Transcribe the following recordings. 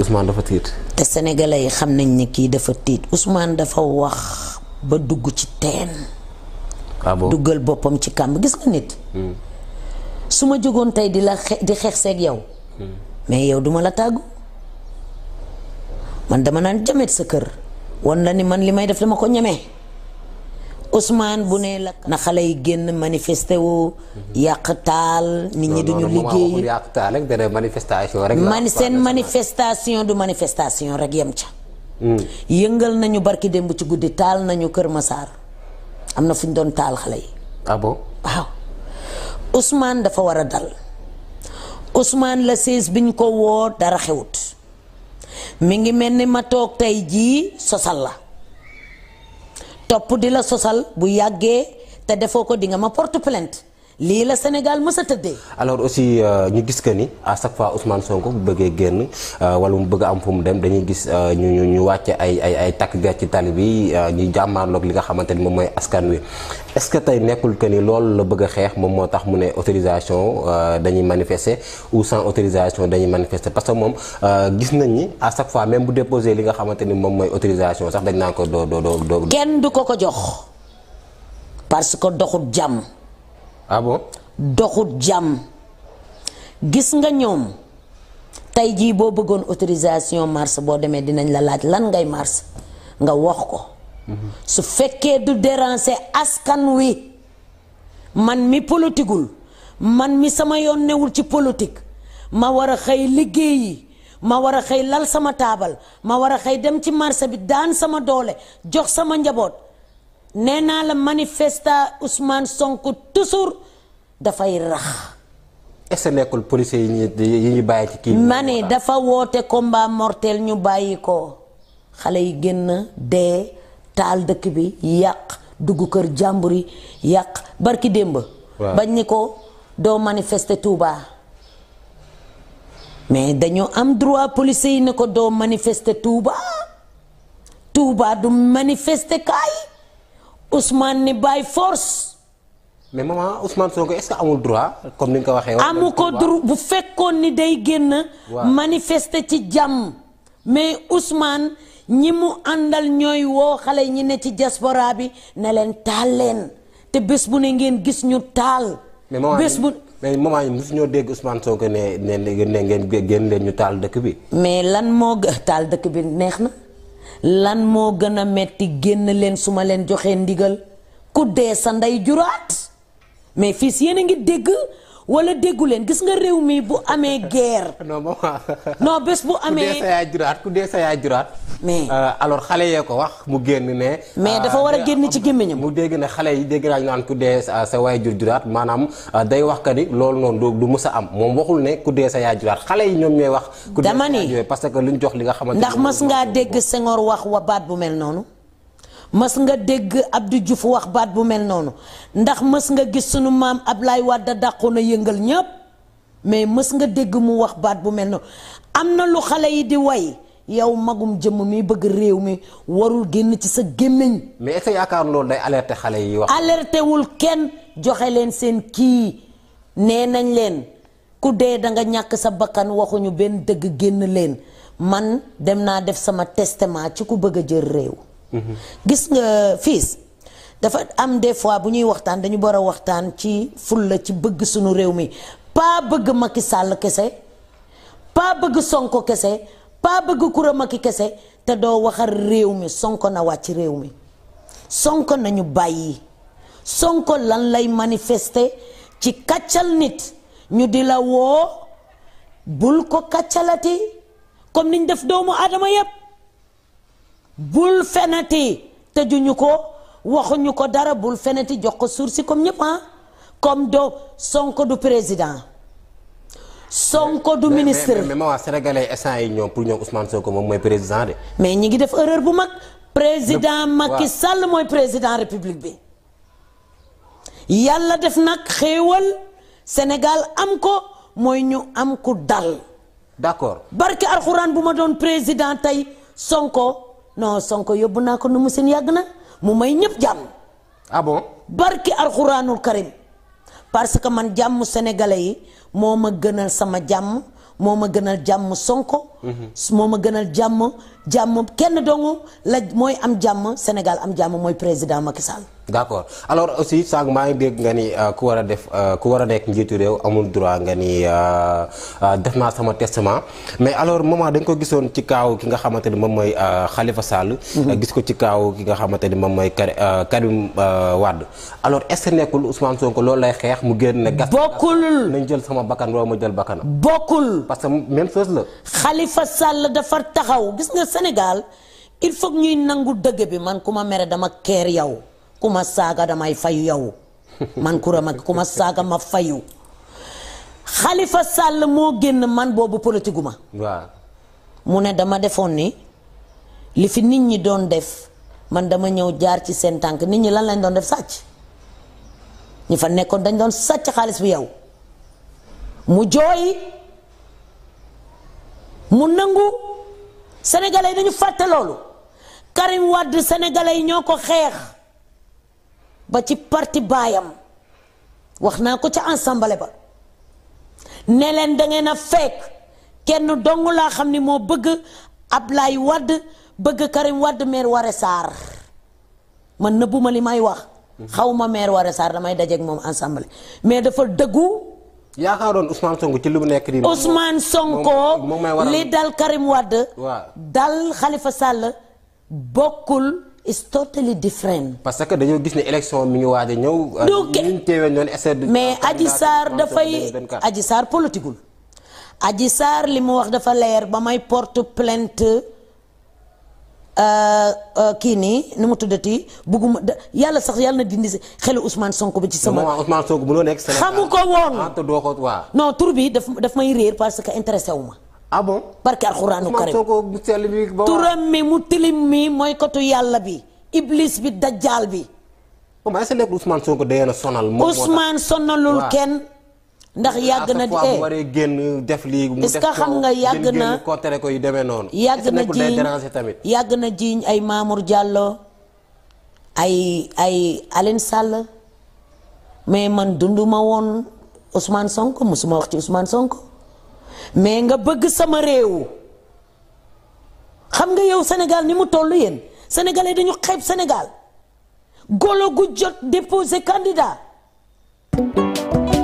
Ousmane dafa tiit. te sénégalais yi xam nañ ne kii dafa tiit Ousmane dafa wax ba dugg ci teen. Ah duggal boppam ci kàmb gis nga nit. Hmm. su ma jógoon tey di la xe di xeex seeg yow. Hmm. mais yow duma la tàggu. man dama naan jamet sa kër. wan la ni man li may def dama ko ñemee. Ousmane bu ne lakk na xale yi génn manifester wu. yàq taal nit ñi duñu liggéey rek dana manifestation rek. man seen manifestation du manifestation rek yem ca. Hmm. yëngal nañu barki démb ci guddi taal nañu Kër Massar am na fu ñu doon taal xale yi. Ah waaw Ousmane dafa war a dal Ousmane la siis bi ñu ko woo dara xewut mi ngi mel ni ma toog tey jii sosal la. topp di la sosal bu yàggee te defoo ko di nga ma porte plainte lii la Sénégal mës a tëddee. alors aussi euh, ñu gis que ni à chaque fois Ousmane Sonko bu bëggee génn euh, wala mu bëgg am fu mu dem dañuy gis euh, ñu ñu ñu wàcc ay ay takk der ci tali bi ñu jàmmaarloog li nga xamante ni moom mooy askan wi est-ce que tey nekkul que ni loolu la bëgg xeex moom moo tax mu ne autorisation dañuy manifester ou sans autorisation dañuy manifester parce que moom gis nañ ñi à chaque fois même bu déposé li nga xamante ni moom mooy autorisation sax dañ naa ko doo doo doo. kenn du ko ko jox parce que doxut jàmm. ah bon doxut jàmm gis nga ñoom tey jii boo bëggoon autorisation marche boo demee dinañ la laaj lan ngay marche nga wax ko su fekkee du déranger askan wi man mi politikul man mi sama yoon newul ci politique ma war a xëy liggéeyi ma war a xëy lal sama taabal ma war a xëy dem ci marché bi daan sama doole jox sama njaboot nee naa la manifesta Ousmane Sonko toujours dafay rax. est-ce que nekkul policiers yi ñuy bàyyi ci kii. ma dafa woote combat mortel ñu bàyyi ko xale yi génn dee taal dëkk bi yàq dugg kër jàmbur yi yàq barki démb. waaw bañ ni ko doo manifeste Touba. mais dañoo am droit policiers ne ko doo manifester Touba Touba du manifester kaay. Ousmane ni by force. mais maman Ousmane Sonko est-ce que amul droit comme ni nga ko waxee. amu ko droit bu fekkoon ni day génn. manifeste ci jàmm. mais Ousmane ñi mu àndal ñooy woo xale ñi ne ci diaspora bi ne leen taal leen te bés bu ne ngeen gis ñu taal. bés bu mais maman yi mosu ñoo dégg Ousmane Sonko ne ne ne ngeen génn leen ñu taal dëkk bi. mais lan moo taal dëkk bi neex na. lan moo gën a metti génn leen su ma leen joxee ndigal ku dee sa ndey juraat mais fii si yéen a ngi dégg wala déggu leen gis nga réew mii bu amee guerre. noo maman. bés bu amee ku dee sa yaay juraat ku dee sa yaay juraat. mais euh, alors xale yee ko wax mu génn ne. mais dafa euh, war a génn ci gémmiñam. mu dégg ne xale yi dégg naa ñu naan ku dee sa waay jur juraat maanaam euh, day wax ka ni loolu noonu du mus a am moom waxul ne ku dee sa yaay juraat xale yi ñoom ñooy wax. dama ni ku dee sa yaay juraat parce que luñ jox li nga xamante ndax mas ngaa dégg Senghor wax wa baat bu mel noonu. mas nga dégg Abdou Diouf wax baat bu mel noonu ndax mës nga gis sunu maam Ablaye Wade dàqoon a yëngal ñëpp mais mës nga dégg mu wax baat bu mel noonu am na lu xale yi di way yow magum jëmm mi bëgg réew mi warul génn ci sa gémmiñ mais est-ce que yaakaar loolu day alerter xale yi wax alerté wul kenn joxe leen seen kii nee nañ leen ku dee da nga ñàkk sa bakkan waxuñu benn dëgg génn leen man dem naa def sama testament ci ku bëgg a jël réew gis nga fiis dafa am des fois bu ñuy waxtaan dañu war a waxtaan ci fulla ci bëgg suñu réew mi pas bëgg Macky Sall kese pas bëgg sonk kese pas bëgg Coura Macky kese te doo waxal réew mi sonk na wàcc réew mi Sonko nañu bàyyi Sonko lan lay manifeste ci kàccal nit ñu di la woo bul ko kàccalati comme niñ def doomu aadama yépp bul fenati tëjuñu ko waxuñu ko dara bul fenati jox ko sursi comme ñëpp ah comme do Sonko du président Sonko du ministre mais mais sénégalais instant yi ñoom pour ñoom Ousmane Sonko moom mooy président de. mais ñi ngi def erreur bu mag. président Macky Sall mooy président république bi. yàlla def nag xéewal Sénégal am ko mooy ñu am ku dal. d'accord barke alxuraan bu ma doon président tey Sonko. non Sonko yóbbu naa ko nu mu seen yàgg na mu may ñëpp jàmm. ah bon barki alxuraanul karim parce que man jàmm sénégalais yi moo ma gënal sama jàmm moo ma gënal jàmm Sonko su moo ma gënal jàmm jàmm kenn dong la mooy am jàmm Sénégal am jàmm mooy président Macky Sall. d'accord alors aussi sànq maa ngi dégg nga ni euh, ku war a def euh, ku war a nekk njiitu réew amul droit nga ni euh, def naa sama testament mais alors moment dañ ko gisoon ci kaaw ki nga xamante ni moom mooy Khalifa Sall. Mhm. gis ko ci kaaw ki nga xamante ni moom mooy Karim Wade alors est-ce que nekkul Ousmane Sonko loolu lay xeex mu génn ne. bokkul gas nañ sama bakkan wala ma jël bakkanam. bokkul parce que même la. Khalifa Sall dafa taxaw gis nga senegaal il faut ñuy nangu dëgg bi man ku ma mere dama keer yow ku ma saaga damay fayu yow man kurama ku ma saaga ma fayu xalifa sàll moo génn man boobu politique gu mu ne dama defoon ni li fi nit ñi doon def man dama ñëw jaar ci seen tànk nit ñi lan lañ doon def sàcc ñi fa nekkoon dañ doon sàcc xaalis bi yow mu jooy. mu nangu sénégalais yi dañu fàtte loolu Karim Wade sénégalais yi ñoo ko xeex ba ci parti baayam wax naa ko ca ensemble ba ne leen da ngeen a fekk kenn dong laa xam ni moo bëgg Ablaye Wade bëgg Karim Wade maire Ware Sarr man nëbbuma li may wax mhm. xaw ma maire Ware Sarr damay dajeeg moom ensemble mais dafa dëggu yaakaaroon Ousmane Sonko ci lu mu nekk nii. Ousmane Sonko li dal Karim Wade. dal xalifa Sall bokkul. is totally different. parce que dañoo gis ne élection mi ngi waaj a ñëw. Euh, ñu mais Adji Sarr dafay Adji Sarr politikul. Adji Sarr li mu wax dafa leer ba may porte plainte Euh, euh, kii nii nu mu tuddati bugguma yàlla sax yàlla na dindi xelu Ousmane Sonko bi ci sama. Ousmane Sonko mënoo nekk Sénégal ah, may réer parce que intéressé wu ma. ah bon barke turam mi mu tilim mi mooy kotu yàlla bi iblis bi dajjaal bi. Oh, moom est-ce sonal. moom sonalul kenn. ndax yàgg na di eh, def lii mu def xam nga yàgg na ko tere ko yu demee noonu. yàgg na jiiñ tamit. yàgg na jiiñ ay Mamour Diallo ay ay Aline Sall mais man dunduma woon Ousmane Sonko musuma wax ci Ousmane sonk mais nga bëgg sama réew xam nga yow Sénégal ni mu toll yéen sénégalais dañu xeeb Sénégal golo gu jot déposé candidat.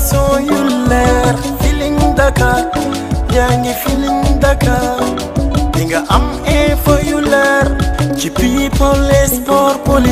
information yu leer Dakar yaa nga am info yu leer